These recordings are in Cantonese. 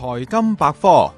財金百科，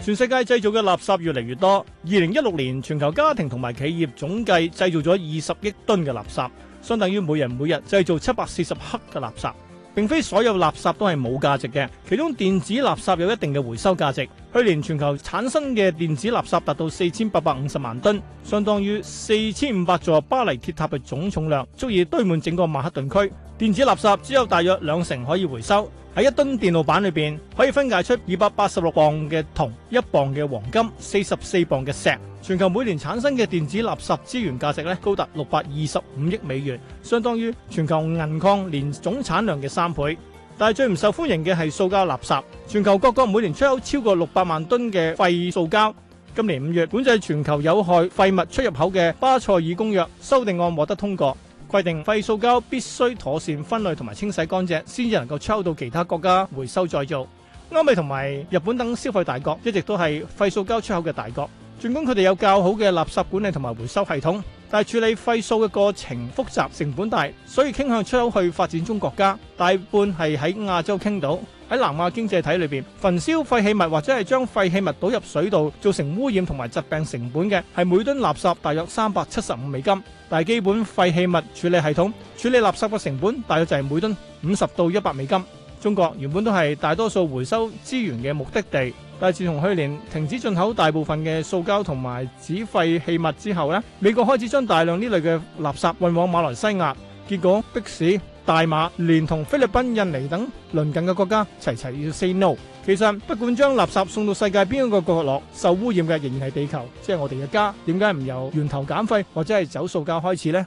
全世界製造嘅垃圾越嚟越多。二零一六年，全球家庭同埋企業總計製造咗二十億噸嘅垃圾，相當於每人每日製造七百四十克嘅垃圾。並非所有垃圾都係冇價值嘅，其中電子垃圾有一定嘅回收價值。去年全球產生嘅電子垃圾達到四千八百五十萬噸，相當於四千五百座巴黎鐵塔嘅總重量，足以堆滿整個曼克頓區。電子垃圾只有大約兩成可以回收。喺一噸電路板裏邊，可以分解出二百八十六磅嘅銅、一磅嘅黃金、四十四磅嘅石。全球每年產生嘅電子垃圾資源價值咧，高達六百二十五億美元，相當於全球銀礦年總產量嘅三倍。但係最唔受歡迎嘅係塑膠垃圾。全球各國每年出口超過六百萬噸嘅廢塑膠。今年五月，管制全球有害廢物出入口嘅巴塞爾公約修訂案獲得通過。規定廢塑膠必須妥善分類同埋清洗乾淨，先至能夠出口到其他國家回收再造。歐美同埋日本等消費大國一直都係廢塑膠出口嘅大國，盡管佢哋有較好嘅垃圾管理同埋回收系統，但係處理廢塑嘅過程複雜、成本大，所以傾向出口去發展中國家，大半係喺亞洲傾倒。喺南亞經濟體裏面，焚燒廢棄物或者係將廢棄物倒入水道造成污染同埋疾病成本嘅係每噸垃圾大約三百七十五美金，但係基本廢棄物處理系統處理垃圾嘅成本大約就係每噸五十到一百美金。中國原本都係大多數回收資源嘅目的地，但係自從去年停止進口大部分嘅塑膠同埋紙廢棄物之後呢，美國開始將大量呢類嘅垃圾運往馬來西亞，結果迫使大馬連同菲律賓、印尼等鄰近嘅國家齊齊要 say no。其實不管將垃圾送到世界邊一個角落，受污染嘅仍然係地球，即係我哋嘅家。點解唔由源頭減廢或者係走數教開始呢？